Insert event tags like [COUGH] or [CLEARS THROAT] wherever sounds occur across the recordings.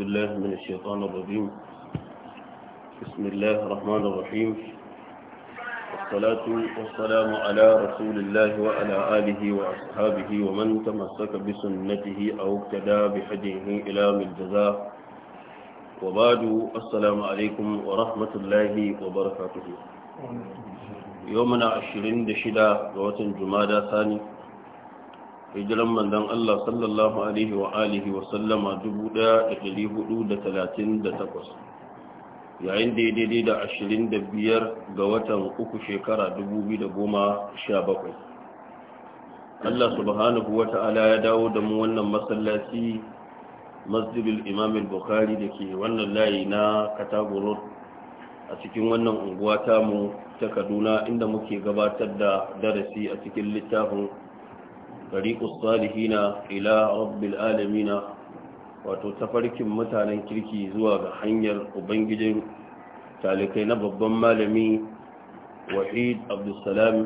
بالله من الشيطان الرجيم بسم الله الرحمن الرحيم والصلاة والسلام على رسول الله وعلى آله وأصحابه ومن تمسك بسنته أو اقتدى بحجه إلى الجزاء وبعد السلام عليكم ورحمة الله وبركاته يومنا عشرين دشدا ووتن جمادى ثاني hijiran mandan Allah sallallahu alaihi wa alihi wa sallama 1438 yayin daidai da 25 ga watan uku shekara 2017 Allah subhanahu wa ta'ala ya dawo da mu wannan masallaci masjidul imam al-bukhari da ke wannan layi na katagoro a cikin wannan unguwa tamu ta kaduna inda muke gabatar da darasi a cikin littafin طريق الصالحين إلى رب العالمين وتتفرك متانا كركي زواغ حنير وبنجد تالكين ببن مالمي وحيد عبد السلام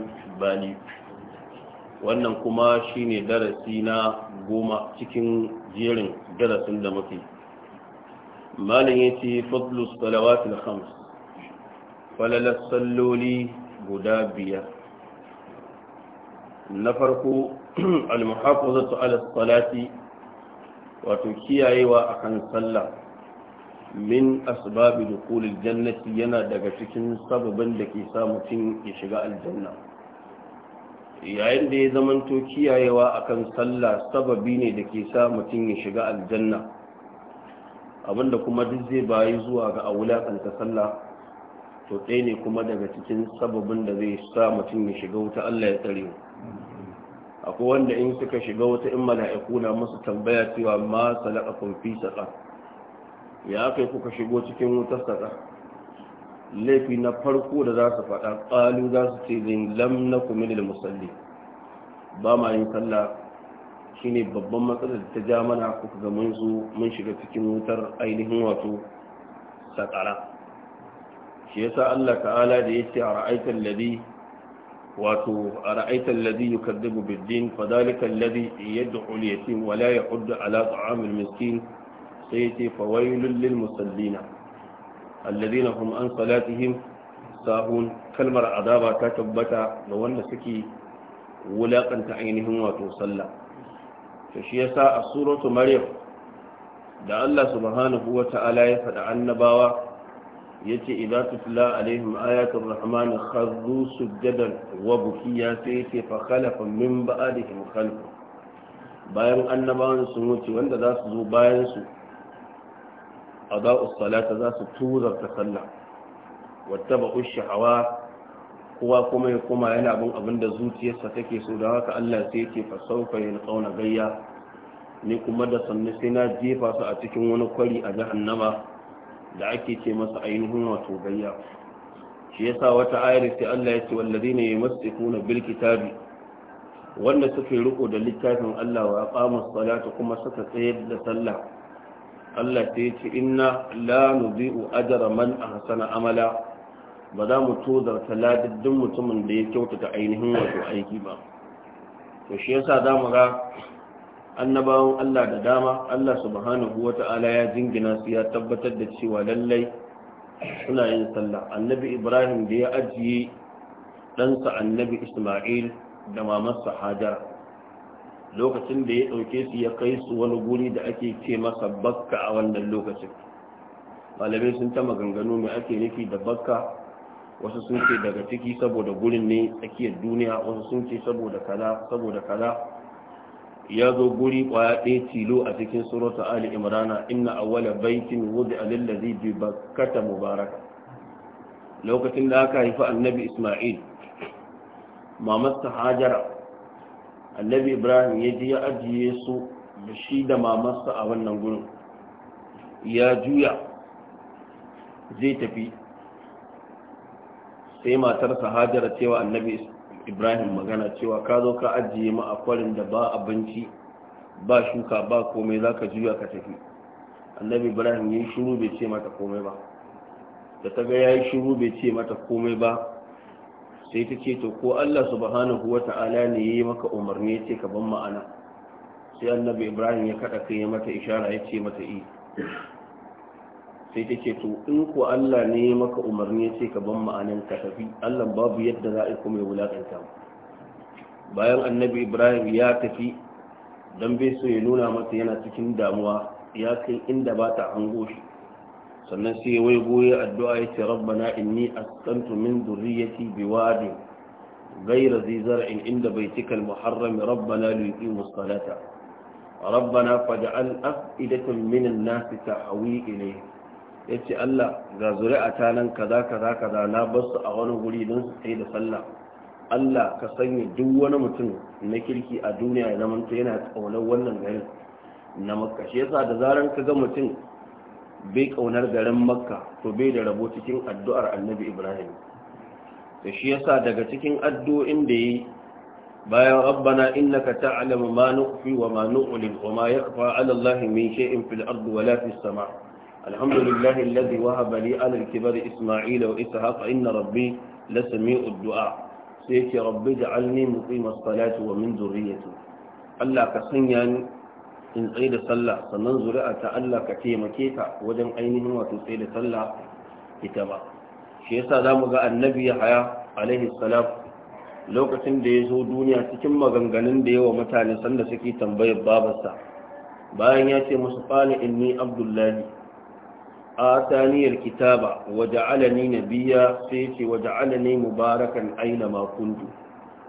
بالي wannan kuma shine darasi na goma cikin jerin darasin da muke malin yace fadlus salawatul khams falalas salloli guda biyar na farko [CLEARS THROAT] almuhafazatu ala salati wato kiyayewa akan sallah min asbab dukhulil jannati yana daga cikin sababan da ke sa mutum ya shiga aljanna yayin da ya zamanto kiyayewa akan sallah sababi ne da ke sa mutum ya shiga aljanna abinda kuma duk zai bayi zuwa ga a wulakanta sallah to ɗaya ne kuma daga cikin sababin da zai sa mutum ya shiga wuta Allah ya tsare akwai wanda in suka shiga wuta in mala'iku na musu tambaya cewa ma kun fi saka ya kai kuka shigo cikin wutar saka laifi na farko da za su faɗa ƙalu za su ce zai lamna na da musalli ba ma yin sallah shine babban matsalar da ta ja mana kuka ga mun mun shiga cikin wutar ainihin wato sakara shi yasa Allah ta'ala da yace ara'aita alladhi wato ara'aita alladhi yukaddibu bid-din fadhalika alladhi yad'u al-yatim wa la yahuddu ala ta'am al-miskin sayati fawailul lil musallina alladhina hum an salatihim sahun kalmar azaba ta tabbata ga wanda suke wulakanta ainihin wato sallah to shi yasa a suratu maryam da Allah subhanahu wa ta'ala ya faɗa annabawa yace idza tutla alaihim ayatul rahman kharru sujadan wa bukiya sai ce fa khalafa min ba'dihim khalf bayan annabawan sun wuce wanda za su zo bayan su adau salata za su tura ta sallah wattaba'u shahawa kowa kuma ya koma yana bin abin da zuciyarsa take so da haka Allah sai ce fa sawfa yalqawna gayya ni kuma da sannu sai na jefa su a cikin wani kwari a jahannama da ake ce masa ainihin wato gayya shi yasa wata ayar sai Allah ya ce wallazina yamsikuna bil kitabi wanda suke riko da littafin Allah wa aqamus salata kuma suka tsayar da sallah Allah ta ce inna la nudhi'u ajra man ahsana amala ba za mu tozarta ladaddin mutumin da ya kyautata ainihin wato aiki ba to shi yasa za mu ga annabawan Allah da dama Allah subhanahu wata'ala ya jingina su ya tabbatar da cewa lallai suna yin sallah annabi Ibrahim da ya ajiye ɗansa annabi Ismail da mamarsa Hajara lokacin da ya ɗauke su ya kai su wani guri da ake ce masa bakka a wannan lokacin malamai sun ta maganganu mai ake nufi da bakka wasu sun ce daga ciki saboda gurin ne tsakiyar duniya wasu sun ce saboda kaza saboda kaza ya zo guri kwaya ɗaya tilo a cikin surata ali imrana inna awwala baitin wudi alillazi bi bakkata mubaraka lokacin da aka haifi annabi isma'il mamarsa hajara annabi ibrahim ya ji ya ajiye su da shi da mamarsa a wannan gurin ya juya zai tafi sai matarsa hajara cewa annabi ibrahim magana cewa ka zo ka ajiye ma a kwarin da ba abinci ba shuka ba komai za ka juya ka tafi annabi ibrahim ya yi shuru bai ce mata komai ba da ta ga ya yi shuru bai ce mata komai ba sai ta ce to ko allah subhanahu wa ta'ala ne ya yi maka umarni ya ce ka ban ma'ana sai annabi ibrahim ya kaɗa kai ya mata ishara ya ce mata i eh. sai take to in ku Allah ne maka umarni ya ce ka ban ma'anin ka tafi Allah babu yadda za a kuma ya wulakanta bayan annabi Ibrahim ya tafi dambe bai so ya nuna masa yana cikin damuwa ya kai inda ba ta hango shi sannan sai wai goyi addu'a yace rabbana inni asqantu min dhurriyyati biwadin gaira ذي زرع عند بيتك المحرم ربنا ليقيموا الصلاه ربنا فاجعل أفئدة من الناس تحوي إليهم ya ce Allah ga zuri'a ta nan kaza kaza kaza na bar su a wani guri don su tsaye da sallah Allah ka sanya duk wani mutum na kirki a duniya ya zama yana ƙaunar wannan garin na makka shi yasa da zaran ka ga mutum bai ƙaunar garin makka to bai da rabo cikin addu'ar annabi ibrahim da shi yasa daga cikin addu'o'in da yi bayan rabbana innaka ta'lamu ma nukhfi wa ma nu'lin wa ma yakhfa 'ala allahi min shay'in fil ardi wa la fis sama' الحمد لله الذي وهب لي على الكبر إسماعيل وإسحاق إن ربي لسميع الدعاء سيك ربي اجعلني مقيم الصلاة ومن ذريتي ألا كسنيان إن قيد صلى سنن ذريعة ألا كتيم كيتا وجن أينهم وتسيد صلى كتابا شيسا دامغا النبي حيا عليه السلام lokacin da ya zo duniya cikin maganganun da yawa mutane sanda suke tambayar babarsa bayan ya ce musu fani inni abdullahi آتاني الكتاب وجعلني نبيا سيتي وجعلني مباركا أينما كنت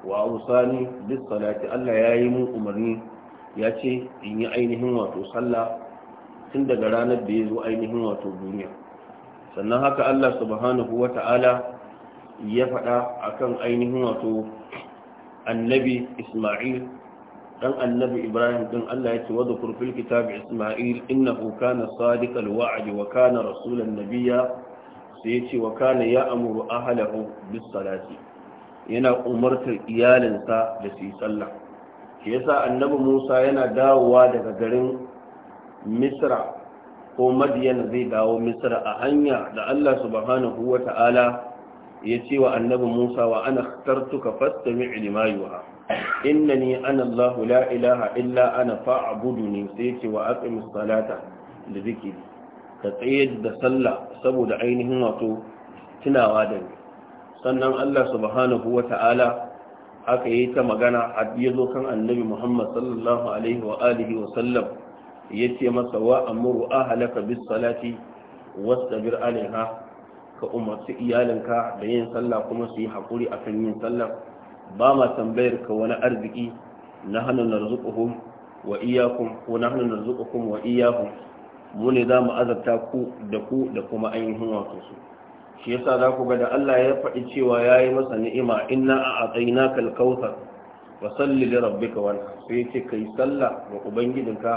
وأوصاني بالصلاة ألا يايم أمرني ياتي إني أينهم وتصلى عند قرانا بيز وأينهم وتبنيا سنهاك الله سبحانه وتعالى يفعل أكن أينهم وتو النبي إسماعيل dan annabi ibrahim din Allah ya ce wa dhukur fil kitab isma'il innahu kana sadiqal wa'd wa kana rasulan nabiyya sai ya ce wa kana ya'muru ahlahu bis salati yana umartar iyalinsa da su sallah shi yasa annabi Musa yana dawowa daga garin Misra ko Madiyan zai dawo Misra a hanya da Allah subhanahu Ta'ala ya ce wa annabi Musa wa ana ikhtartuka fastami' lima yuha innani ana Allah la ilaha illa ana fa'buduni sai ce wa aqimis salata da zikiri ka tsayar da sallah saboda ainihin wato tunawa da ni sannan Allah subhanahu ta'ala aka yi ta magana a yazo kan annabi Muhammad sallallahu alaihi wa alihi wa sallam yace masa wa amuru ahlaka bis salati wastabir alaiha ka umarci iyalinka da yin sallah kuma su yi hakuri akan yin sallah ba ma tambayar ka wani arziki na hannun narzuƙuhum wa iyakun ko na hannun wa iyakun mu ne za mu azabta ku da ku da kuma ainihin wato su shi yasa za ku ga da Allah ya faɗi cewa ya yi masa ni'ima inna a na kalkautar wa salli da rabbika wani sai ce ka yi sallah ga ubangidinka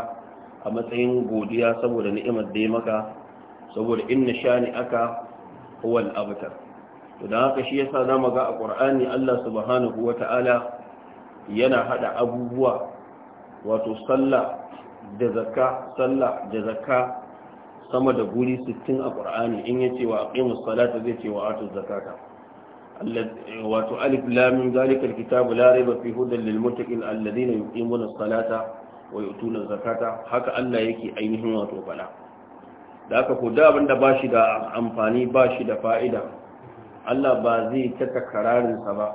a matsayin godiya saboda ni'imar da ya maka saboda inna ni aka huwal abutar to da haka shi yasa zamu ga a ƙur'ani Allah subhanahu wata'ala yana hada abubuwa wato sallah da zakka sallah da zakka sama da guri 60 a Qur'ani in yace wa aqimus salata zai ce wa atu zakata wato alif lam min zalika alkitabu la rayba fi hudan lil muttaqin alladhina yuqimuna wa yu'tuna zakata haka Allah yake ainihin wato fada da haka ko da abinda bashi da amfani bashi da fa'ida Allah ba zai ta takararinsa ba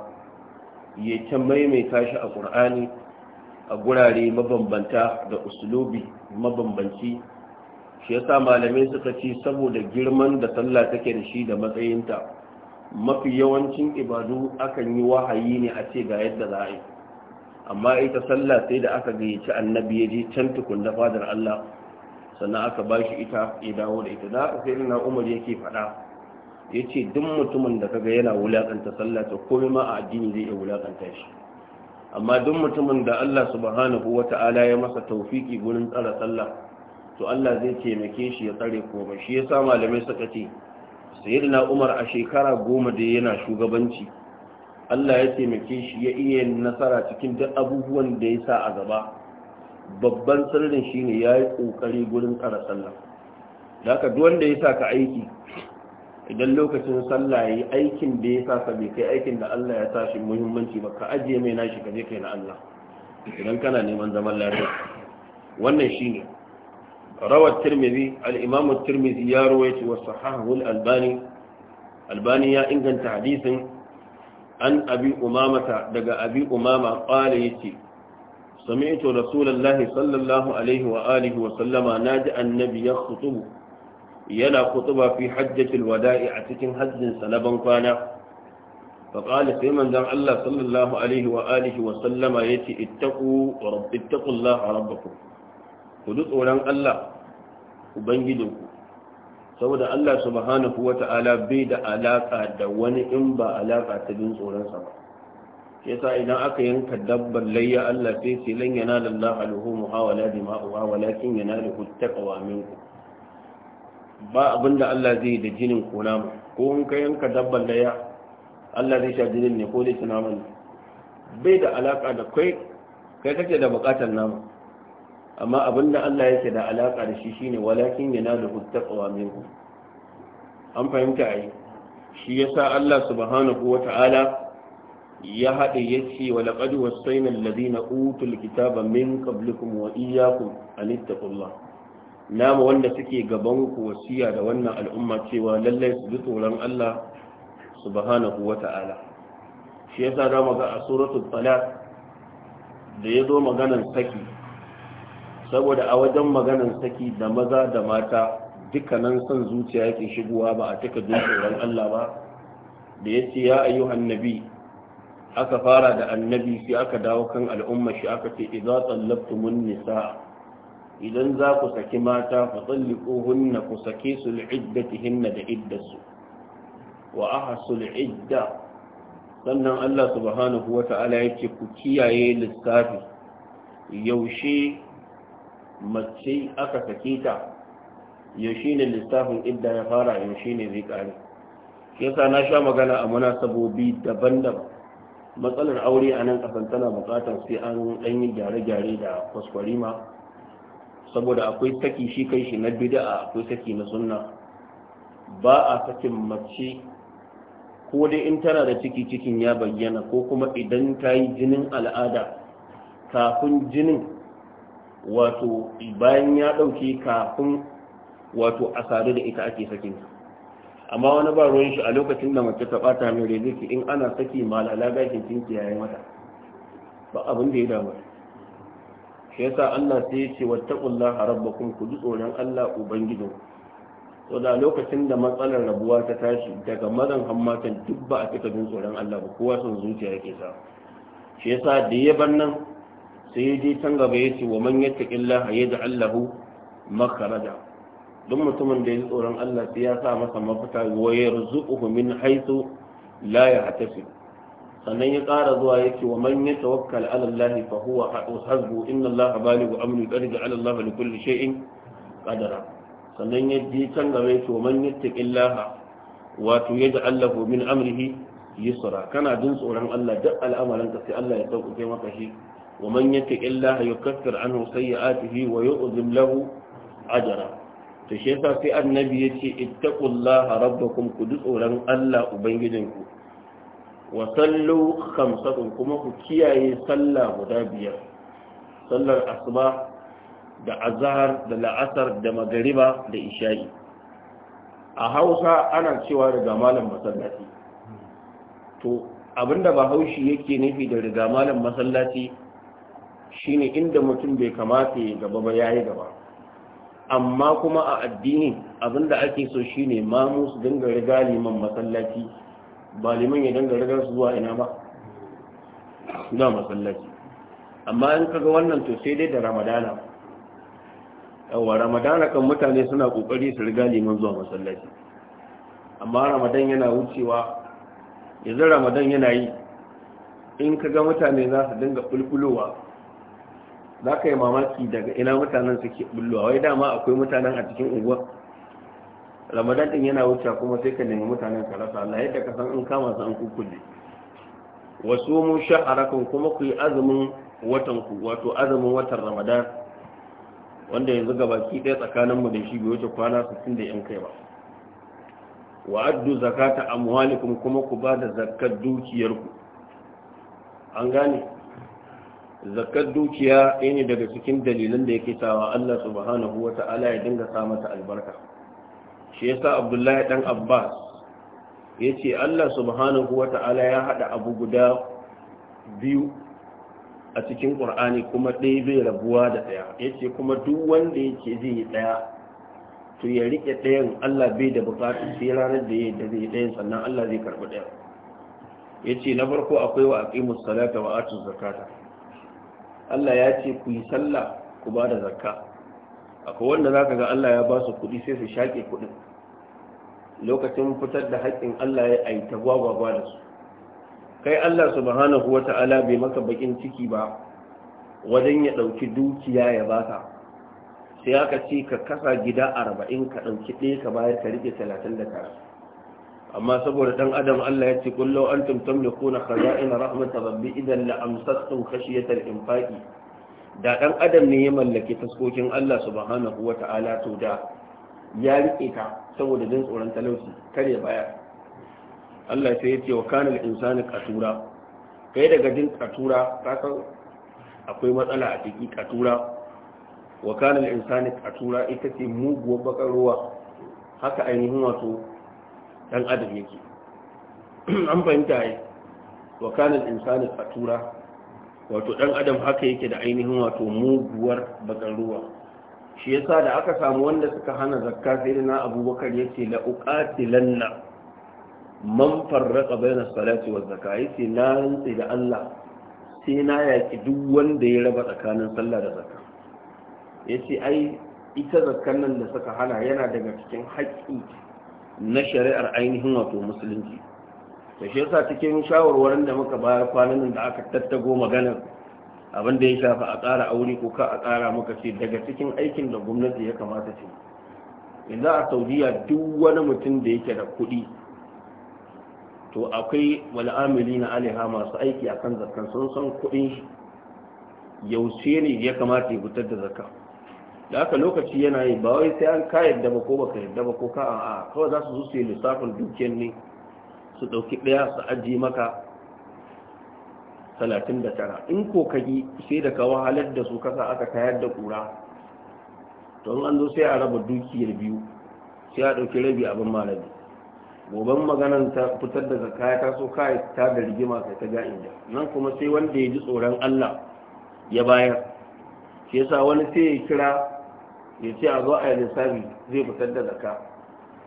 ya ta maimaita shi a ƙur'ani a gurare mabambanta da usulubi mabambanci shi yasa malamai suka ci saboda girman da sallah take da shi da matsayinta mafi yawancin ibadu akan yi wahayi ne a ce ga yadda za a yi amma ita sallah sai da aka gayyaci annabi ya je can tukun da fadar Allah sannan aka ba shi ita ya dawo da ita da aka sai na umar yake faɗa ya ce duk mutumin da kaga yana wulaƙanta sallah to komai ma a addini zai iya wulaƙanta shi amma duk mutumin da Allah subhanahu wata'ala ya masa taufiki gurin tsara sallah to Allah zai taimake shi ya tsare komai shi yasa malamai suka ce sayyidina Umar a shekara goma da yana shugabanci Allah ya taimake shi ya iya nasara cikin duk abubuwan da ya sa a gaba babban sirrin shine yayi kokari gurin tsara sallah da haka duk wanda ya sa ka aiki idan lokacin sallah yi aikin da ya sa bai kai aikin da Allah ya tashi muhimmanci ba ka ajiye mai nashi ka je kai na Allah idan kana neman zaman lafiya wannan shine rawar tirmidhi al Tirmizi tirmidhi ya rawaita wa sahahu al-albani albani ya inganta hadisin an abi umamata daga abi umama qala yace sami'tu rasulullahi sallallahu alaihi wa alihi wa sallama naji annabi yakhutubu yana kutuba fi hajjatul wada'i a cikin hajjin sa na ban kwana fa qala sai manzon Allah sallallahu alaihi wa alihi wa sallama yace ittaqu rabbi ittaqullaha rabbakum ku duk tsoron Allah ku. saboda Allah subhanahu wata'ala bai da alaka da wani in ba alaka ta jin tsoron sa ba yasa idan aka yanka dabbar layya Allah sai sai lan yanala Allah alhumu hawala dima'uha walakin yanaluhu taqwa minkum ba abin da Allah zai da jinin ko nama ko in ka yanka dabban da ya Allah zai sha jinin ne ko zai ci bai da alaka da kai kai kake da bukatar nama amma abin da Allah yake da alaka da shi shine walakin yana da taqwa minkum an fahimta ai shi yasa Allah subhanahu wata'ala ya haɗa ya ce wa laƙadu wasu sainan utul kitaba min qablikum wa iyyakum an ittaqullah nama wanda suke gaban ku wasiya da wannan al'umma cewa lallai su bi tsoron Allah subhanahu wata'ala shi yasa zamu ga a suratul talaq da ya zo maganan saki saboda a wajen maganar saki da maza da mata dukkanan son zuciya yake shigowa ba a cika jin tsoron Allah ba da ya ce ya ayyuhan nabi aka fara da annabi sai aka dawo kan al'umma shi aka ce idza mun nisaa idan za ku saki mata fa hunna ku sake su li'iddatihinna da iddasu wa ahsul idda sannan Allah subhanahu wata'ala yake ku kiyaye lissafi yaushe mace aka sake ta yaushe ne lissafin idda ya fara yaushe ne zai kare yasa na sha magana a munasabobi daban-daban matsalar aure a nan kasan tana bukatar sai an ɗanyi gyare-gyare da kwaskwarima saboda akwai saki shi kai shi na bidaa akwai saki na sunna ba a sakin mace ko dai in tana da ciki cikin ya bayyana ko kuma idan ta yi jinin al'ada kafin jinin wato bayan ya ɗauke kafin wato a sadu da ita ake sakinta amma wani ba ruwan shi a lokacin da mace ta bata mai rezeki in ana saki malala shi cinki yayin wata ba abin da ya damu ke yasa Allah sai ya ce wattaqullaha rabbakum ku ji tsoron Allah ubangijin to da lokacin da matsalar rabuwa ta tashi daga mazan hammatan duk ba a cika jin tsoron Allah ba kowa son zuciya yake sa shi sa da ya bar nan sai ya can gaba ya ce wa man yattaqillaha yaj'al lahu makarada? duk mutumin da ya ji tsoron Allah sai ya sa masa mafita wa yarzuquhu min haythu la yahtasib sannan ya ƙara zuwa ya ce wa man ya tawakkal ala Allah fa huwa hasbu inna Allah balighu amri qad ja'ala Allah li kulli shay'in qadara sannan ya ji can gaba ya ce wa man yattaqillaha wato yaj'al lahu min amrihi yusra kana jin tsoron Allah duk al'amarin ka sai Allah ya sauƙaƙe maka shi wa man yattaqillaha yukaffir anhu sayyi'atihi wa yu'zim lahu ajra to shi yasa sai annabi ya yace ittaqullaha rabbakum ku duk tsoron Allah ubangijinku wa sallu khamsatun kuma ku kiyaye sallah guda biyar sallar asuba da azhar da la'asar da magariba da isha'i a hausa ana cewa riga malam masallaci to abinda ba haushi yake nufi da riga malam masallaci shine inda mutum bai kamata ya gaba ba yayi gaba amma kuma a addini abinda ake so shine mamu su dinga riga liman masallaci ba liman ya dangara su zuwa ina ba suna masallaci amma in kaga wannan to sai dai da ramadana yawa ramadana kan mutane suna kokari su riga liman zuwa masallaci amma ramadan yana wucewa yanzu ramadan yana yi in kaga mutane za su dinga bulbulowa za ka yi mamaki daga ina mutanen suke bulluwa, wai dama akwai mutanen a cikin unguwa ramadan din yana wuce kuma sai ka nemi mutanen ka rasa Allah yadda ka san an kama su an kukkulle wasu mu kuma ku yi azumin watan ku wato azumin watan ramadan wanda yanzu gabaki ɗaya tsakanin mu da shi bai wuce kwana 60 da yan kai ba wa addu zakata amwalikum kuma ku ba da dukiyar dukiyarku an gane Zakkat dukiya ne daga cikin dalilan da yake sawa Allah subhanahu wata'ala ya dinga sa mata albarka shi yasa abdullahi dan abbas yace allah subhanahu wataala ta'ala ya haɗa abu guda biyu a cikin ƙur'ani kuma ɗaya bai rabuwa da ɗaya ya kuma duk wanda yake ce zai yi ɗaya to ya riƙe ɗayan allah bai da buƙatar sai ranar da da zai ɗayan sannan allah zai karɓi ɗayan ya na farko akwai wa aqimu salata wa atu zakata allah ya ce ku yi sallah ku ba da zakka akwai wanda za ka ga Allah ya ba su kuɗi sai su shaƙe kuɗin lokacin fitar da haƙƙin Allah ya yi ta gwagwagwa da su kai Allah subhanahu wa ta'ala bai maka bakin ciki ba wajen ya ɗauki dukiya ya baka sai aka ce ka kasa gida arba'in ka ɗauki ɗaya ka bayar ka rike talatin da tara amma saboda ɗan adam Allah ya ce kullo an tumtum da kuna ina rahmatar rabbi idan la amsastum khashiyatal infaqi da ɗan adam ne ya mallaki taskokin Allah subhanahu wa ta'ala to da ya rike ka saboda jin tsoron talauci kar ya baya Allah sai ya ce wa kana al-insanu qatura kai daga jin qatura ka san akwai matsala a jiki qatura wa kana al-insanu qatura ita ce muguwar bakar ruwa haka ainihin wato dan adam yake [CLEARS THROAT] an fahimta ai wa kana al-insanu qatura wato dan adam haka yake da ainihin wato muguwar bakar ruwa shi yasa da aka samu wanda suka hana zakka sai na abubakar ce la uqatilanna man farraqa bayna salati wa zakka yace na rantsi da Allah sai na yaki duk wanda ya raba tsakanin sallah da zakka yace ai ita zakkan nan da suka hana yana daga cikin haƙƙi na shari'ar ainihin wato musulunci da shi yasa cikin shawarwarin da muka bayar kwanan da aka tattago maganar abin da ya shafa a tsara aure ko ka a tsara muka ce daga cikin aikin da gwamnati ya kamata ce yanzu a saudiya duk wani mutum da yake da kuɗi to akwai wal'amili na aliha masu aiki akan zakan sun san kuɗin shi yaushe ne ya kamata ya fitar da zakka da aka lokaci yana yi ba wai sai an ka yadda ba ko ba ka yadda ba ko ka a'a kawai za su zo su yi lissafin dukiyar ne su ɗauki ɗaya su ajiye maka talatin da tara in ko yi, sai da ka wahalar da su kasa aka tayar da ƙura don an zo sai a raba dukiyar biyu sai a ɗauki rabi abin malami goban maganan ta fitar da kaya ta so kai ta da rigima sai ta ga inda. nan kuma sai wanda ya ji tsoron Allah ya bayar shi yasa wani sai ya kira ya ce a zo a yi lissafi zai fitar da zaka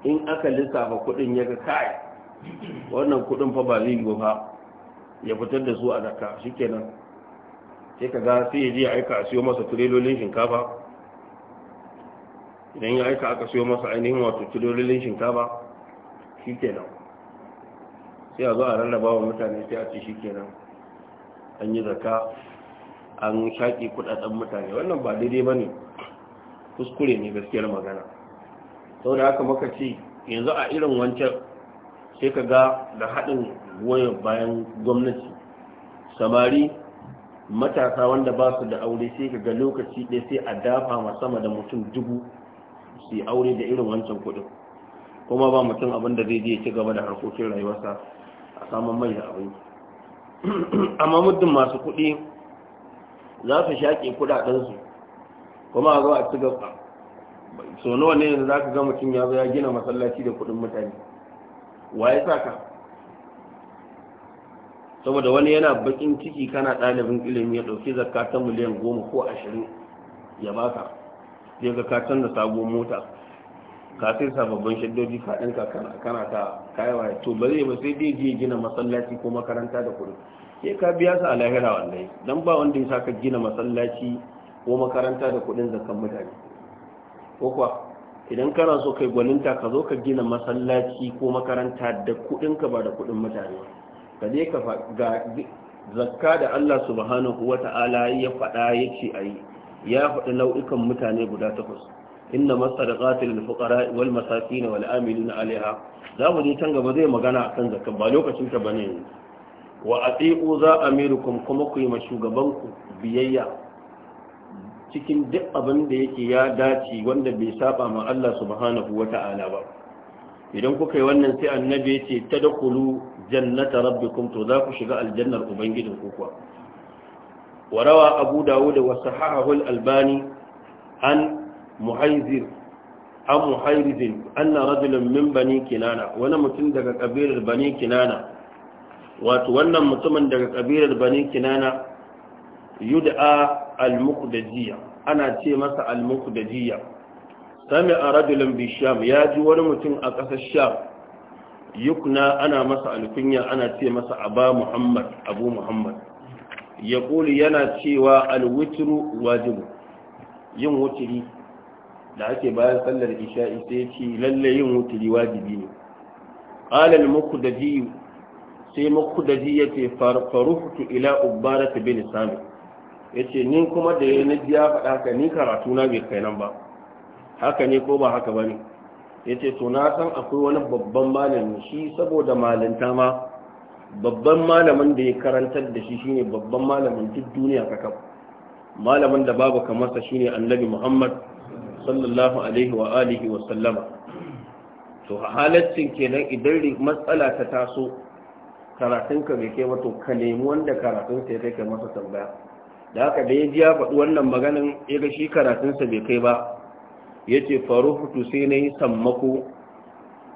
in aka lissafa kuɗin ya ga kai wannan kudin fa ba zai yi ba ya fitar da su a zakka shikenan sai ka ga sai ya je ya aika a siyo masa turelolin shinkafa idan ya aika aka siyo masa ainihin wato turelolin shinkafa shikenan sai a zo a rarraba wa mutane sai a ce shikenan an yi zakka an shaƙi kudaden mutane wannan ba daidai ba ne kuskure ne gaskiyar magana sau da haka maka ce yanzu a irin wancan sai ka ga da haɗin waya bayan gwamnati samari matasa wanda ba su da aure sai ka ga lokaci ɗaya sai a dafa ma sama da mutum dubu su aure da irin wancan kuɗin kuma ba mutum abin da zai je ci gaba da harkokin rayuwarsa a saman mai da abin [CLEARS THROAT] amma muddin masu kuɗi za su shaƙe kuɗaɗensu kuma a zo a ci gaba nawa ne yanzu za ka ga mutum ya zo ya gina masallaci da kuɗin mutane waye saka saboda wani yana bakin ciki kana ɗalibin ilimi ya ɗauki zakka ta miliyan goma ko ashirin ya baka zai ga ka canza sabon mota ka sai sababbin shaddoji ka ɗinka kana ta kayawa to ba ba sai dai je gina masallaci ko makaranta da kuɗi sai ka biya su a lahira wallahi dan ba wanda ya saka gina masallaci ko makaranta da kuɗin zakan mutane ko kuwa idan kana so kai gwaninta ka zo ka gina masallaci ko makaranta da kuɗinka ba da kuɗin mutane ka je ka ga zakka da Allah subhanahu wata'ala ya faɗa ya ce a ya faɗi nau'ikan mutane guda takwas inna masadaqati lil fuqara wal masakin wal amilin alaiha za mu je can gaba zai magana akan zakka ba lokacin ta bane wa atiqu za amirukum kuma ku yi ma shugabanku biyayya cikin duk abin da yake ya dace wanda bai saba ma Allah subhanahu wata'ala ba idan kuka yi wannan sai annabi ya ce dakulu jannata rabbikum to za ku shiga aljannar ubangijin ku kuwa warawa abu dawud wa sahahahu albani an muhaizir an muhairizin anna rajulun min bani kinana wani mutum daga kabilar bani kinana wato wannan mutumin daga kabilar bani kinana yud'a al-muqdajiyya ana ce masa al-muqdajiyya sami a rajulun bisham ya ji wani mutum a ƙasar sham yukna ana masa alkunya ana ce masa aba muhammad abu muhammad ya ƙuli yana cewa alwitiru wajibu yin wutiri da ake bayan sallar isha'i sai ce lalle yin wutiri wajibi ne ƙalal muku da jiyu sai muku da jiyu ya ce faruhutu ila ubbara ta bin sami yace ce ni kuma da ya na ya faɗa ka ni karatu na bai kai nan ba haka ne ko ba haka ba ne ya ce to na san akwai wani babban malami shi saboda malinta ma babban malamin da ya karantar da shi shine babban malamin duk duniya kakaf malamin da babu kamar sa shine annabi muhammad sallallahu alaihi wa alihi wa sallama to halaccin kenan idan matsala ta taso karatunka bai kai wato ka nemi wanda karatunsa ya kai masa tambaya da haka da ya ji ya faɗi wannan maganin ya ga shi karatunsa bai kai ba ya ce hutu sai na yi sammako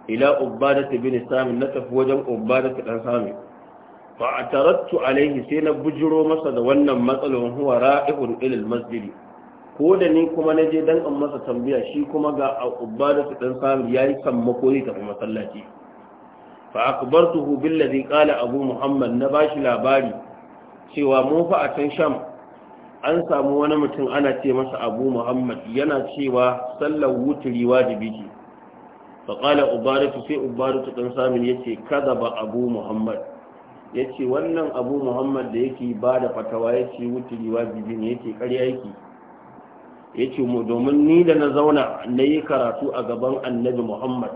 ila ubada ta bin sami na tafi wajen ubada ta ɗan sami Ba a tarattu alaihi sai na bujiro masa da wannan matsalar huwa ra'ihun ilil masjidi ko da ni kuma na je dan an masa tambaya shi kuma ga ubada ta ɗan sami ya yi sammako ne tafi masallaci fa akbartuhu zai qala abu muhammad na bashi labari cewa mu fa a can sham an samu wani mutum ana ce masa abu muhammad yana cewa sallar wuturi wajibi ce faƙalar ubaratu sai ubaratu ɗan samun ya ce kada ba abu muhammad ya ce wannan abu muhammad da yake ba da fatawa ya ce wuturi wajibi ne ya ce ƙarya yake ya ce mu domin ni da na zauna na yi karatu a gaban annabi muhammad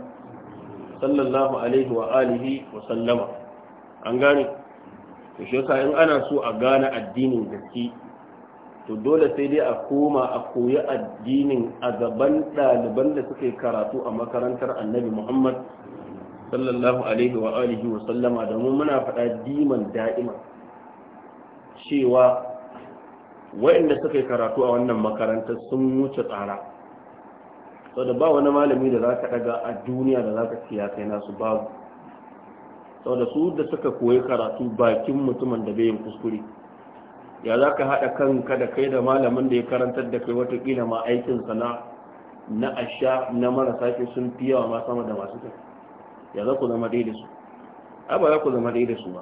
sallallahu alaihi wa alihi wa sallama an gane to shi in ana so a gane addinin gaske to dole sai dai a koma a koyi addinin a gaban ɗaliban da suke karatu a makarantar annabi muhammad sallallahu alaihi wa alihi wa sallama domin muna faɗa diman da'ima cewa waɗanda suka karatu a wannan makarantar sun wuce tsara sau da ba wani malami da za ka ɗaga a duniya da za ka siya kai nasu babu sau da su da suka koyi karatu bakin mutumin da bai yin kuskure ya za ka haɗa kanka da kai da malamin da ya karantar da kai watakila ma aikin sana na asha na marasa ke sun fi yawa ma sama da masu kai ya za ku zama daidai su a ba za ku zama daidai su ba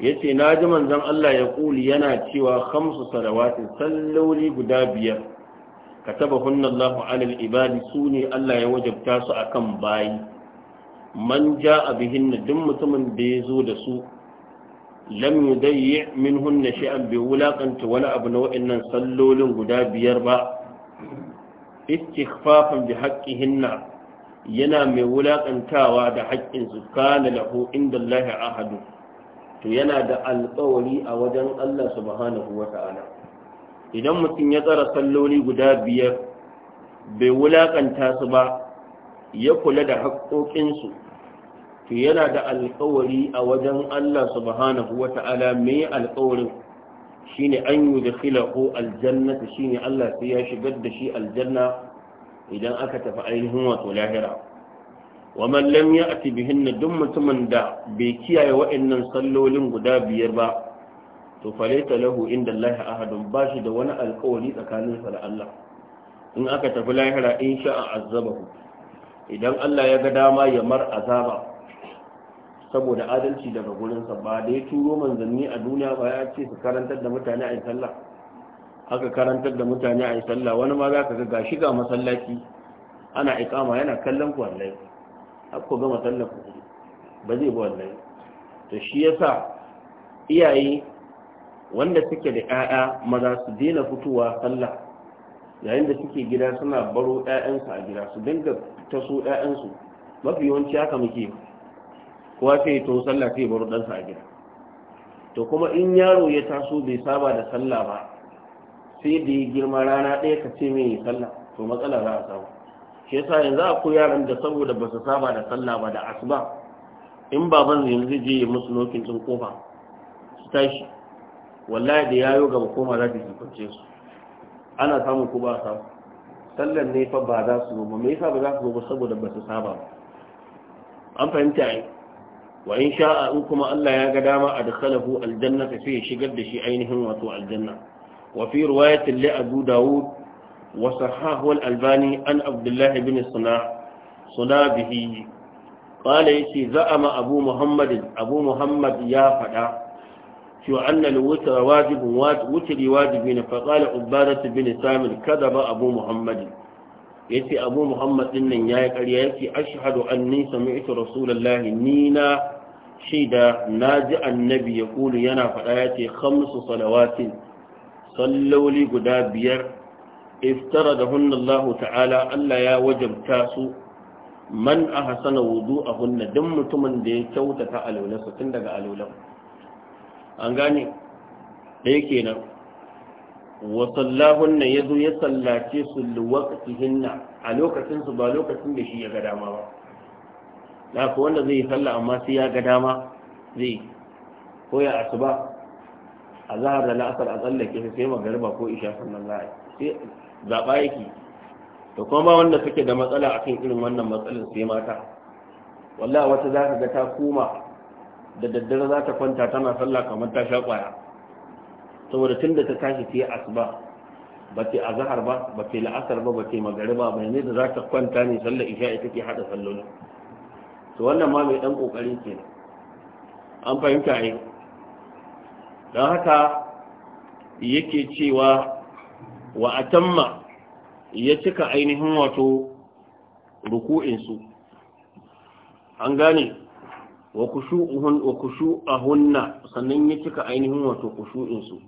ya ce na ji manzan Allah ya ƙuli yana cewa hamsu salawatin salloli guda biyar ka taba hunnan lahu alal ibadi su ne Allah ya wajabta su akan bayi man ja abihin duk mutumin da ya zo da su lam yudayyi minhunna shay'an bi wulaqanta wani abu na wa'annan sallolin guda biyar ba istighfafan bi haqqihinna yana mai wulaƙantawa da haƙƙin su kana lahu inda Allah ahadu to yana da alƙawari a wajen Allah subhanahu wata'ala idan mutum ya tsara salloli guda biyar bai wulaƙanta su ba ya kula da haƙƙoƙinsu to yana da alkawari a wajen Allah subhanahu wa ta'ala mai alkawarin shi ne an yi da filaho aljannata shi ne Allah sai ya shigar da shi aljanna idan aka tafi ainihin wato lahira wa mallam ya ati na duk mutumin da bai kiyaye wa'annan sallolin guda biyar ba to falaita lahu inda Allah ahadun ba shi da wani alkawari tsakaninsa da Allah in aka tafi lahira in sha'a azabahu idan Allah ya ga dama ya mar azaba saboda adalci daga gurinsa ba da ya turo manzanni a duniya ba ya ce su karantar da mutane a yi sallah aka karantar da mutane a yi sallah wani ma za ka ga gashi ga masallaci ana ikama yana kallon ku wallahi har ga masallar ku ba zai bu wallahi to shi yasa iyaye wanda suke da ƴaƴa maza su daina fitowa sallah yayin da suke gida suna baro ƴaƴansu a gida su dinga taso ƴaƴansu mafi yawanci haka muke kowa sai to sallah sai bar dan sa a gida to kuma in yaro ya taso bai saba da sallah ba sai da ya girma rana ɗaya ka ce mai sallah to matsala za a samu shi yasa yanzu akwai yaran da saboda ba su saba da sallah ba da asuba in baban yanzu je ya musu nokin din kofa su tashi wallahi da yayo gaba koma za ta kwance su ana samun ko ba samu sallan ne fa ba za su zo ba me yasa ba za su zo ba saboda ba su saba ba an fahimta yi wa in sha'a in kuma Allah ya ga dama a aljanna ta fiye shigar da shi ainihin wato aljanna wa fi riwayatin li Abu Dawud wa sahahu al-Albani an abdullahi ibn suna Sunah bihi qala yace za'ama Abu Muhammad Abu Muhammad ya fada شو أن wajibi واجب وتري واجب فقال عبادة بن سامر كذب abu محمد yace abu muhammad din nan yayi ƙarya yace ashhadu anni sami'tu rasulullahi ni na shaida naji annabi ya kulu yana faɗa yace khamsu salawatin salloli guda biyar iftara da hunnallahu ta'ala Allah ya wajabta su man a hunna duk mutumin da ya kyautata alaulansa tun daga alaulan an gane ɗaya kenan wa ya zo ya sallace su liwaqtihinna a lokacin su ba lokacin da shi ya ga dama ba Na ko wanda zai yi salla amma sai ya ga dama zai ko ya asuba a zahar da la'asar a tsallake su sai magariba ko isha sannan za'a sai zaɓa yake da kuma ba wanda suke da matsala akan irin wannan matsalin sai mata wallahi wata za ka ga ta koma da daddare za ta kwanta tana sallah kamar ta sha kwaya saboda tun da ta tashi ta yi asuba ba ta azahar ba ba ta la'asar ba ba ta magariba ba ne da za ta kwanta ne sallar ita take hada sallolin to wannan ma mai dan ke kenan an fahimta ai don haka yake cewa wa tamma ya cika ainihin wato ruku'insu an gane wa kushu'ahunna sannan ya cika ainihin wato kushu'insu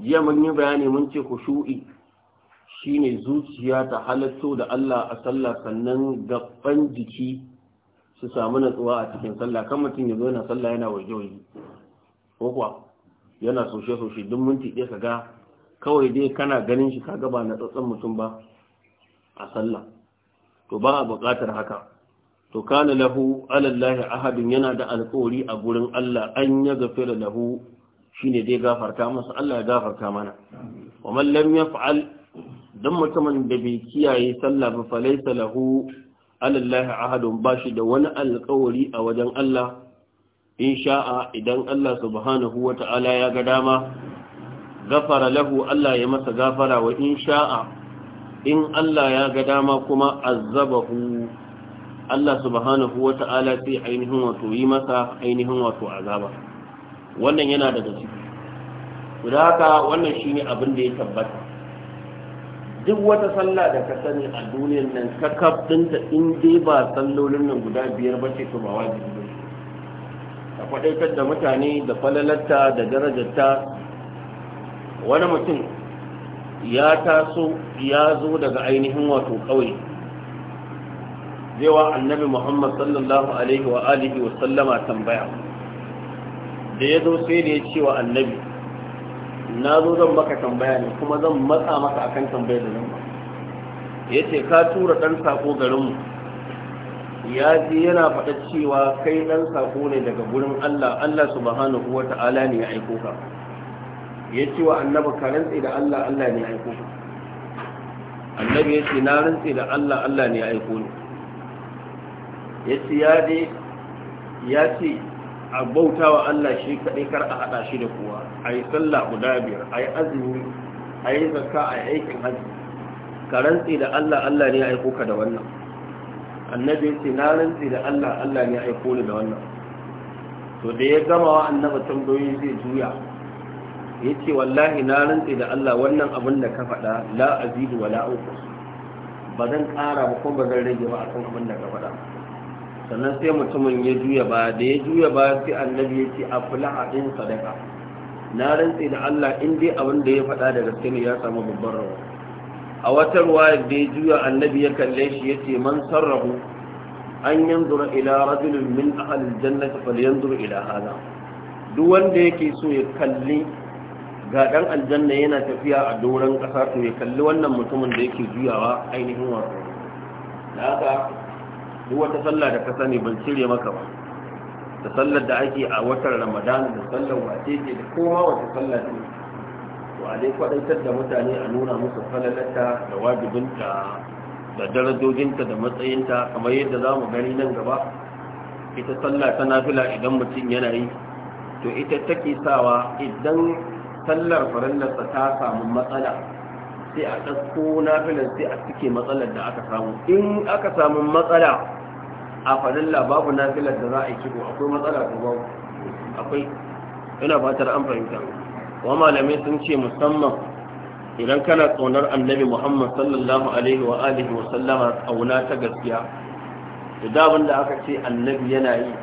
jiya mun yi bayani mun ce khushu'i shine zuciya ta halatto da Allah a sallah sannan gaban jiki su samu natsuwa a cikin sallah kan mutum ya zo yana sallah yana waje ko kuwa yana soshe-soshe duk minti ɗaya ka ga kawai dai kana ganin shi kaga ba tsatsan mutum ba a sallah to ba a buƙatar haka to kana lahu alallahi ahadin yana da alƙawari a gurin Allah an ya gafira lahu shine dai gafarta masa Allah ya gafarta mana wa man lam yaf'al don mutumin da bai kiyaye sallah ba fa laysa lahu alallahi ahadun bashi da wani alƙawari a wajen Allah in sha'a idan Allah subhanahu wa ta'ala ya ga dama gafara lahu Allah ya masa gafara wa in sha'a in Allah ya ga dama kuma azabahu Allah subhanahu wa ta'ala sai ainihin wato yi masa ainihin wato azaba wannan yana daga ciki guda haka wannan shine abin da ya tabbata duk wata sallah da ka sani a duniyar nan ka kafinta in dai ba sallolin nan guda biyar ba ce to ba wajibi ba ka faɗaitar da mutane da falalarta da darajarta wani mutum ya taso ya zo daga ainihin wato kawai zai wa annabi muhammad sallallahu alaihi wa alihi wa sallama tambaya da ya zo sai da ya ce wa annabi na zo zan maka tambaya ne kuma zan matsa maka akan tambayar da zan ba ya ce ka tura ɗan sako garinmu ya ji yana faɗa cewa kai ɗan sako ne daga gurin Allah Allah subhanahu wa ta'ala ne ya aiko ka ya ce wa annabi ka rantse da Allah Allah ne ya aiko ka annabi ya ce na rantse da Allah Allah ne ya aiko ni ya ce ya ce a bauta wa Allah shi kaɗai kar a haɗa shi da kuwa, a yi sallah guda biyar a yi azumi a yi zakka a yi aikin hajji ka rantse da Allah Allah ne ya aiko ka da wannan annabi ce na rantse da Allah Allah ne ya aiko ni da wannan to da ya gama wa annaba tambayoyi zai juya ya ce wallahi na rantse da Allah wannan abin da ka faɗa la azidu wa la ba zan ƙara ba ko ba zan rage ba akan abin da ka faɗa sannan sai mutumin ya juya ba da ya juya ba sai annabi ya ce a fulaha in sadaka na rantse da Allah in dai abin da ya faɗa da gaske ne ya samu babban rawa a wata ruwayar da ya juya annabi ya kalle shi ya ce man sarrahu an yanzura ila rajulin min ahlil jannati falyanzur ila hada duk wanda yake so ya kalli ga dan aljanna yana tafiya a doron kasa to ya kalli wannan mutumin da yake juyawa ainihin wato haka duk wata sallah da ka sani ban cire maka ba da sallar da ake a watan ramadan da sallar wace ce da koma wata sallar ce to a dai da mutane a nuna musu falalarta da wajibinta da darajojinta da matsayinta kamar yadda za mu gani nan gaba ita sallah ta nafila idan mutum yana yi to ita take sawa idan sallar farallarsa ta samu matsala sai a ɗauko nafilar sai a cike matsalar da aka samu in aka samu matsala a farilla babu nafilar da za a yi kibo akwai matsala ko babu akwai ina fatar an fahimta wa malamai sun ce musamman idan kana tsonar annabi muhammad sallallahu alaihi wa alihi wa sallama tsauna ta gaskiya da dabin da aka ce annabi yana yi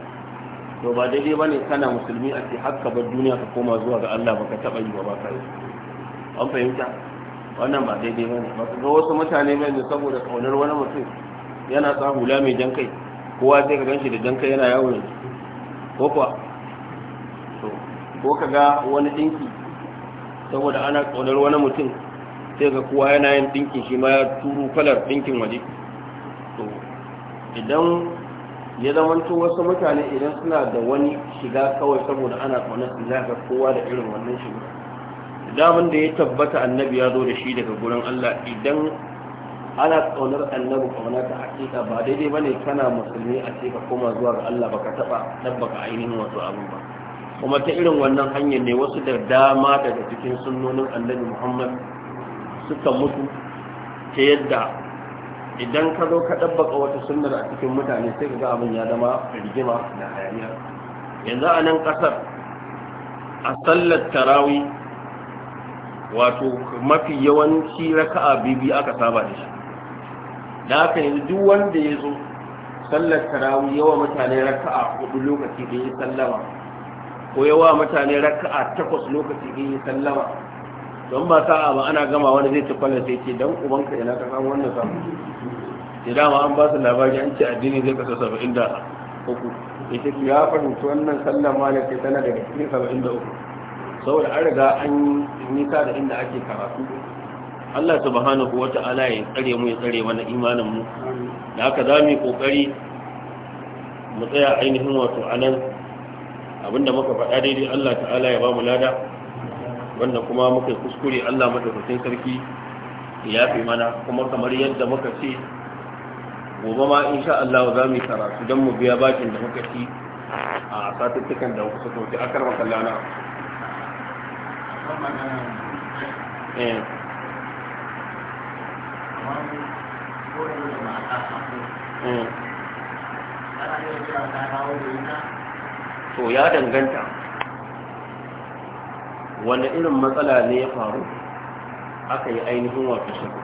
to ba daidai ba ne kana musulmi a ce haka bar duniya ka koma zuwa ga allah baka taba yi ba ba kai an fahimta wannan ba daidai ba ne. ba ga wasu mutane bane saboda tsonar wani mutum yana sa hula mai jan kai kowa sai ka ganshi da janka yana yawo ko kuwa to ko ka ga wani dinki saboda ana kaunar wani mutum sai ga kowa yana yin dinkin shi ma ya turu kalar dinkin waje to idan ya zamanto wasu mutane idan suna da wani shiga kawai saboda ana kaunar su za ka kowa da irin wannan shiga damin da ya tabbata annabi ya zo da shi daga gurin Allah idan ana kaunar annabi kauna ta hakika ba daidai bane kana musulmi a ce ka koma zuwa ga Allah baka taba dan baka ainihin wasu abin ba kuma ta irin wannan hanyar ne wasu da dama daga cikin sunnonin annabi Muhammad suka mutu ta yadda idan ka zo ka dabbaka wata sunnar a cikin mutane sai ka ga abin ya zama rigima da hayaniya yanzu a nan kasar a sallar tarawi wato mafi yawanci raka'a bibi aka saba da shi da haka yanzu duk wanda ya zo sallar tarawi yawa mutane raka'a hudu lokaci da ya sallama ko yawa mutane raka'a takwas lokaci da ya sallama don ba sa'a ba ana gama wani zai ci kwallon sai ce don ubanka yana ka samu wannan samu da dama an ba su labari an ce addini zai kasa saba'in da uku ita ce ya fahimci wannan sallar ma da ke tana daga cikin saba'in da uku saboda an riga an yi nisa da inda ake karatu Allah subhanahu wa ta'ala ya tsare mu ya tsare mana imanin mu da haka za mu yi kokari mu tsaya ainihin wato anan abinda muka faɗa daidai Allah ta'ala ya ba mu lada wanda kuma muka kuskure Allah madaukakin sarki ya fi mana kuma kamar yadda muka ce gobe ma insha Allah za mu yi karatu don mu biya bakin da muka ci a satuttukan da wasu sauti akar makallana eh to ya danganta wanda irin matsala ne ya faru aka yi ainihin wato sako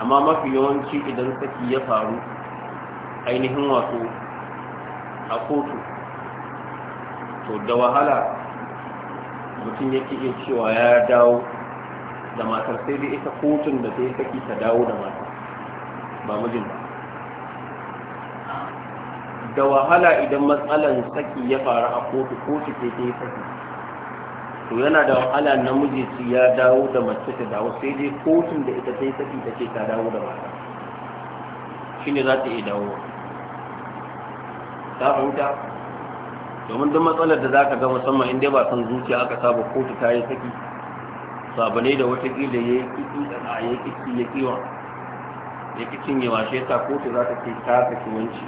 amma mafi yawanci idan saki ya faru ainihin wato a kotu to da wahala mutum yake iya cewa ya dawo da matar sai dai ita kotun da ta yi saki ta dawo da matar ba mijin ba da wahala idan matsalan saki ya faru a kotu kotu ke ta yi saki to yana da wahala namiji su ya dawo da mace ta dawo sai dai kotun da ita ta yi saki ta ce ta dawo da mata shine za ta iya dawo ta fahimta domin duk matsalar da za ka ga musamman inda ba san zuciya aka saba kotu ta yi saki sabu ne da watakila ya yi kiki a ya kiki ya kiwa ya kicin yawa shi ta kotu za ta ce ta kaci wanci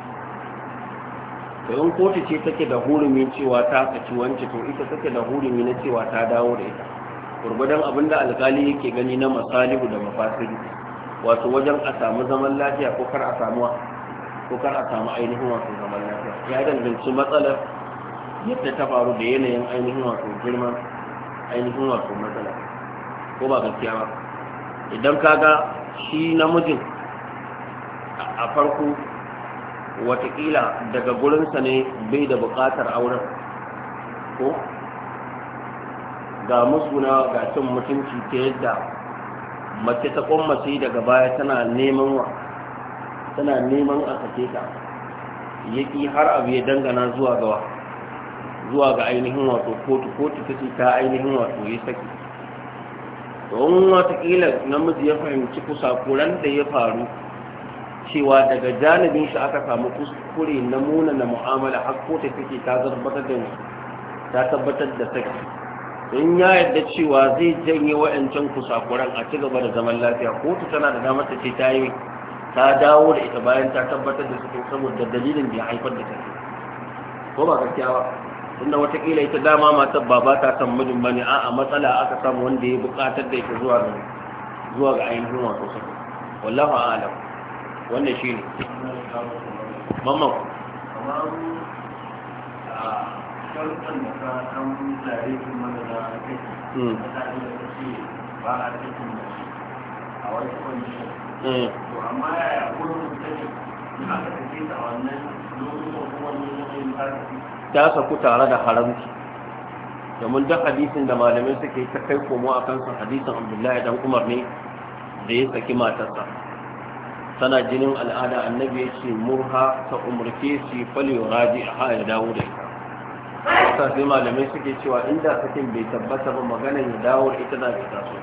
to in kotu ce take da hurumi cewa ta kaci wanci to ita take da hurumi na cewa ta dawo da ita gurgudan abin da alkali yake gani na masalihu da mafasiri wato wajen a samu zaman lafiya ko kar a samu ko kar a samu ainihin wato zaman lafiya ya danganci matsalar yadda ta faru da yanayin ainihin wato girman ainihin wato matsalar ko ba gaskiya ba idan ka ga shi namijin a farko watakila daga gurinsa ne bai da bukatar auren ko ga musuna ga cin mutunci ta yadda mace ta kwammace daga baya tana neman wa tana neman a sake ta yaki har abu ya dangana zuwa gawa zuwa ga ainihin wato kotu kotu ta ta ainihin wato ya sake don watakila namiji ya fahimci kusa-kuran da ya faru cewa daga janibin shi aka samu kuskure na muna na mu'amala har ko ta take ta zarbatar da ta tabbatar da saki don ya yadda cewa zai janye wa'ancan kusakuran a ci gaba da zaman lafiya kotu tana da damar ta ce ta yi ta dawo da ita bayan ta tabbatar da saki saboda dalilin da ya haifar da saki ko ba gaskiya ba tunda watakila ita dama matar ba ba ta san mijin bane a'a matsala aka samu wanda ya bukatar da ita zuwa ga zuwa ga ainihin wato sai wallahu a'lam wannan shine mamman kamar a sharuɗan da ka san tsare su mana da kai ba a cikin da a wani condition to amma ya yaya gurbin take aka take ta wannan lokacin kuma lokacin da ta saku tare da haramci domin duk hadisin da malamai suke ta kai komo a kansu hadisin abdullahi dan umar ne da ya saki matarsa tana jinin al'ada annabi ya ce murha ta umarce shi falyo raji a ha dawo da ita wata sai malamai suke cewa inda sakin bai tabbata ba maganar ya dawo da ita na bai taso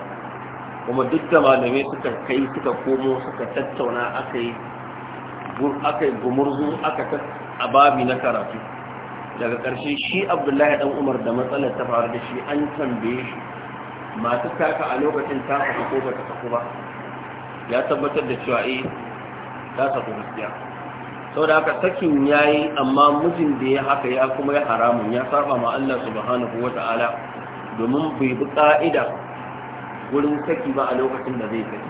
kuma duk da malamai suka kai suka komo suka tattauna aka yi gumurzu aka a babi na karatu daga ƙarshe shi abdullahi dan umar da matsalar ta faru da shi an tambaye shi masu taka a lokacin ta faɗi ko ba ta ba ya tabbatar da cewa eh ta faɗi gaskiya sau da haka sakin ya yi amma mijin da ya haka ya kuma ya haramun ya saba ma Allah subhanahu wa ta'ala domin bai bi ƙa'ida wurin saki ba a lokacin da zai saki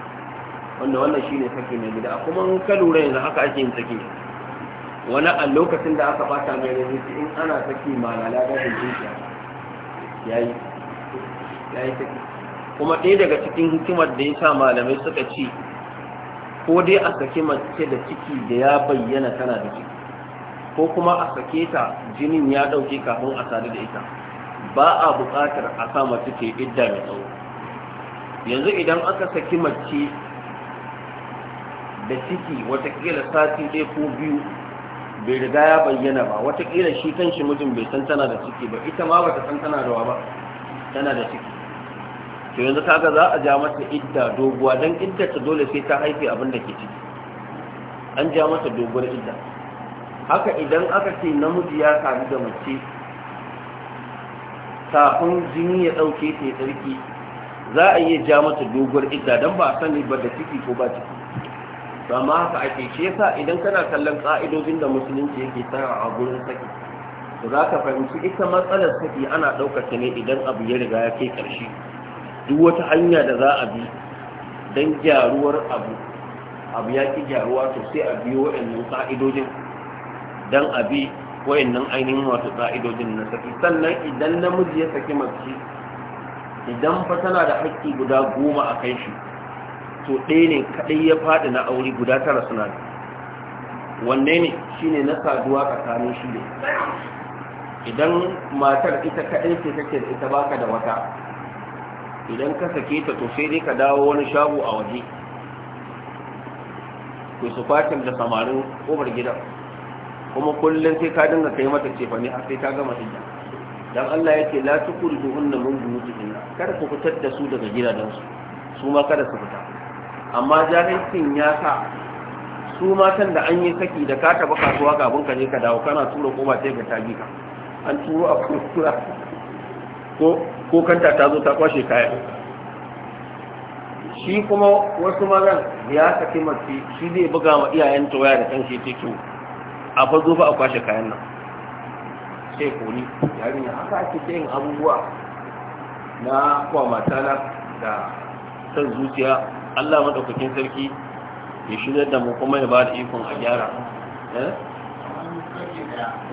wanda wannan shine saki mai gida kuma in ka lura yanzu haka ake yin saki ne wani a lokacin da aka bata mai rubuci in ana saki malala da zuciya ya yi saki kuma ɗaya daga cikin hikimar da ya sa malamai suka ci ko dai a saki mace da ciki da ya bayyana tana da ciki ko kuma a sake ta jinin ya ɗauke kafin a sadu da ita ba a buƙatar a sa mace ke idda mai tsawo yanzu idan aka saki mace da ciki watakila sati ɗaya ko biyu bai riga ya bayyana ba watakila shi kan shi mijin bai san tana da ciki ba ita ma bata san tana da wa ba tana da ciki to yanzu kaga za a ja mata idda doguwa dan idda ta dole sai ta haife abin da ke ciki an ja mata doguwar idda haka idan aka ce namiji ya sami da mace kafin jini ya dauke ta tsarki za a iya ja mata doguwar idda dan ba a sani ba da ciki ko ba ciki ba ma haka ake shi yasa idan kana kallon ka'idojin da musulunci yake tara a gurin saki to za ka fahimci ita matsalar saki ana ɗaukar ta ne idan abu ya riga ya kai ƙarshe duk wata hanya da za a bi don gyaruwar abu abu ya ki gyaruwa to sai a biyo wa'annan ƙa'idojin, don a bi wa'annan ainihin wato ƙa'idojin na saki sannan idan namiji ya saki mace idan fa tana da haƙƙi guda goma a kai shi to ɗaya ne kaɗai ya faɗi na aure guda tara suna da wanne ne shi ne na saduwa tsakanin shi ne idan matar ita kaɗai ce take da ita baka da wata idan ka sake ta to sai dai ka dawo wani shago a waje ko su fatin da samarin ƙofar gidan kuma kullum sai ka dinga kai mata cefa ne har sai ta gama hijja dan Allah yake la tukuru hunna min buyutihinna kada ku fitar da su daga su, su ma kada su fita amma jahilcin ya sa su matan da an yi saki da ka taba kasuwa kafin ka je ka dawo kana tura koma sai ka tagi ka an turo a kurkura ko kanta ta zo ta kwashe kaya shi kuma wasu mazan ya saki mace shi zai buga ma iyayen ta waya da shi ce kyau a fa zo fa a kwashe kayan nan sai ko ni yarinya haka ake yin abubuwa na kwa matana da san zuciya Allah maɗaukakin sarki ya shigar da mu kuma ya ba da ikon a gyara eh?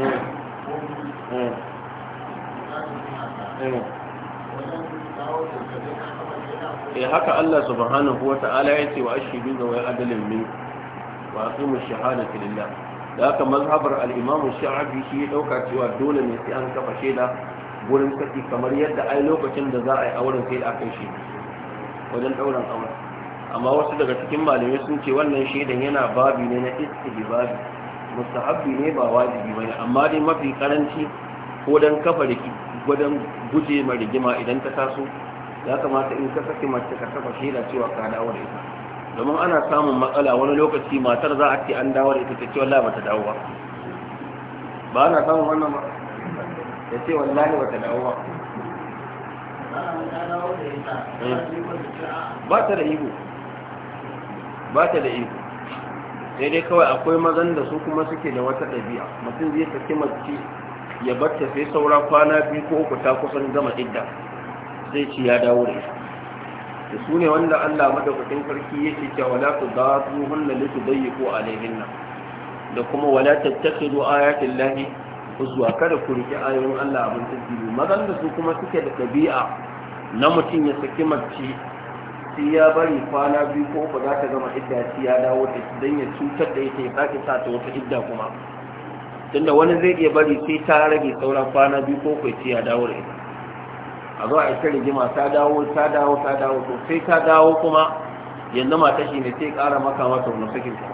Eh. Eh. eh haka Allah subhanahu wa ta'ala ya ce wa ashidu ga wai adalin min wa aqimu shahadati lillah da haka mazhabar al-imam shafi shi ya dauka cewa dole ne sai an kafa shaida gurin saki kamar yadda ai lokacin da za a yi auren sai da aka yi shi wajen dauran auren amma wasu daga cikin malamai sun ce wannan shaidan yana babi ne na istihbabi mustahabbi ne ba wajibi bane amma dai mafi karanci ko dan kafa riki gudan guje ma rigima idan ta taso ya kamata in ka saki mace ka kafa shaida cewa ka dawo da ita domin ana samun matsala wani lokaci matar za a ce an dawo da ita ta ce wallahi bata dawo ba ba ana samun wannan ba ta ce wallahi bata dawo ba ba ta da ihu. ba ta da iko sai dai kawai akwai mazan da su kuma suke da wata ɗabi'a mutum zai saki mace ya bar sai saura kwana biyu ko uku ta kusan gama idda sai ci ya dawo da ita da su ne wanda Allah madaukakin sarki yake cewa wala ku da su hunna li tudayyiqu alaihinna da kuma wala tattakhidu ayatil lahi uzwa kada ku riki ayoyin Allah abin tasbihu mazan da su kuma suke da ɗabi'a na mutum ya saki mace sai ya bari kwana biyu ko uku za ta gama idda ci ya dawo da don ya cutar da ita ya sake sa ta wata idda kuma tunda wani zai iya bari sai ta rage sauran kwana biyu ko uku ci ya dawo da ita a zo a ita rigima ta dawo ta dawo ta dawo to sai ta dawo kuma yanzu mata shi ne sai ƙara maka mata wani sakin ta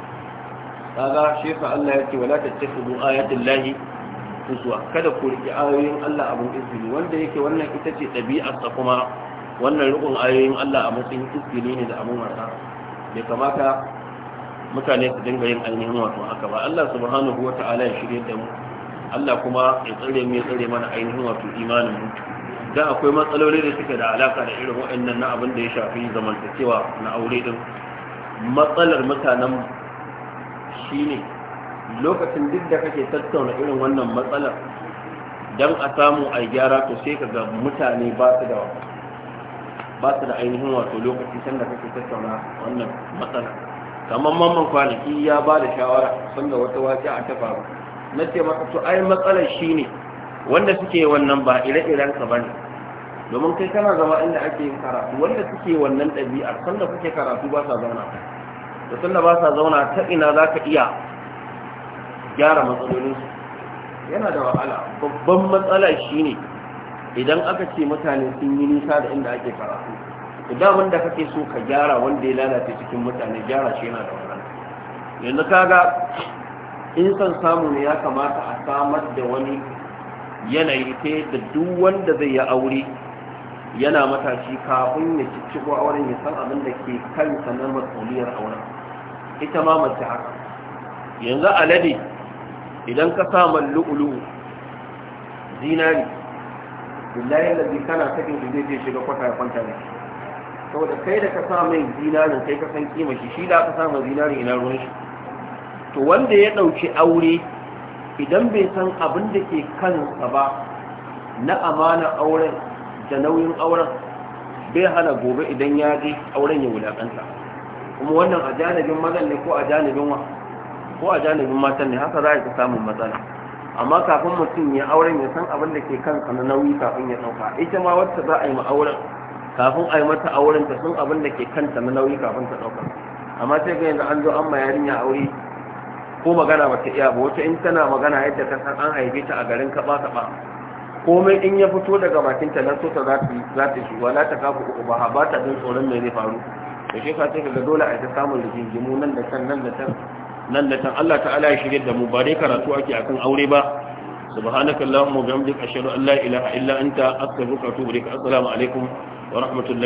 kaga shi Allah ya ce wala tattakhudhu ayatil lahi uswa kada ku riƙe ayoyin Allah abun izini wanda yake wannan ita ce ɗabi'arsa kuma wannan rikon ayoyin Allah a matsayin iskili ne da abin wata. bai kamata mutane su dinga yin ainihin wato haka ba Allah subhanahu wa ta'ala ya shirye da mu Allah kuma ya tsare mu ya tsare mana ainihin wato imanin mu dan akwai matsaloli da suke da alaka da irin waɗannan na abin da ya shafi zamantakewa na aure din matsalar mutanen shine lokacin duk da kake tattauna irin wannan matsalar dan a samu a gyara to sai kaga mutane ba su da ba su da ainihin wato lokaci sanda kake tattauna wannan matsala kamar mamman kwanaki ya ba da shawara sanda wata wace a ta faru na ce maka to ai matsalar shi ne wanda suke wannan ba ire-iren ka ba ne. domin kai kana zama inda ake yin karatu wanda suke wannan ɗabi'ar sanda kuke karatu ba sa zauna da sanda ba sa zauna ta ina za ka iya gyara matsalolinsu yana da wahala babban matsala shi ne idan aka ce mutane sun yi nisa da inda ake karatu to da wanda kake so ka gyara wanda ya lalace cikin mutane gyara shi yana da wani yanzu kaga in san samu ne ya kamata a samar da wani yanayi ta yadda duk wanda zai yi aure yana matashi kafin ya ko auren ya san abin da ke kan sanar matsaliyar auren ita ma mace haka yanzu alade idan ka samun lu'ulu zinari billahi lalzi kana sakin da zai shiga kwata ya kwanta da saboda kai da ka sa mai zinarin kai ka san kima shi shi da aka sa mai zinarin ina ruwan shi to wanda ya ɗauki aure idan bai san abin da ke kansa ba na amana auren da nauyin auren bai hana gobe idan ya je auren ya wulakanta kuma wannan a janibin mazan ne ko a janibin wa ko a janibin matan ne haka za a samun matsala amma kafin mutum ya auren ya san abin da ke kansa na nauyi kafin ya dauka. ita ma wacce za a yi ma'auren kafin a yi mata auren ta sun abin da ke kanta na nauyi kafin ta dauka. amma sai ga yanzu an zo an ma yarinya aure ko magana ba ta iya ba wacce in tana magana yadda ka san an haife ta a garin ta ba? komai in ya fito daga ta na so ta za ta za ta shi wala ta kafu uku ba ba ta jin tsoron me zai faru da shi ka ce ga dole a ta samun rigingimu nan da can nan da can nan da Allah ta'ala ya shirye da mu ba dai karatu ake akan aure ba subhanakallahumma wa bihamdika ashhadu an la ilaha illa anta astaghfiruka wa atubu ilaik assalamu alaikum wa rahmatullahi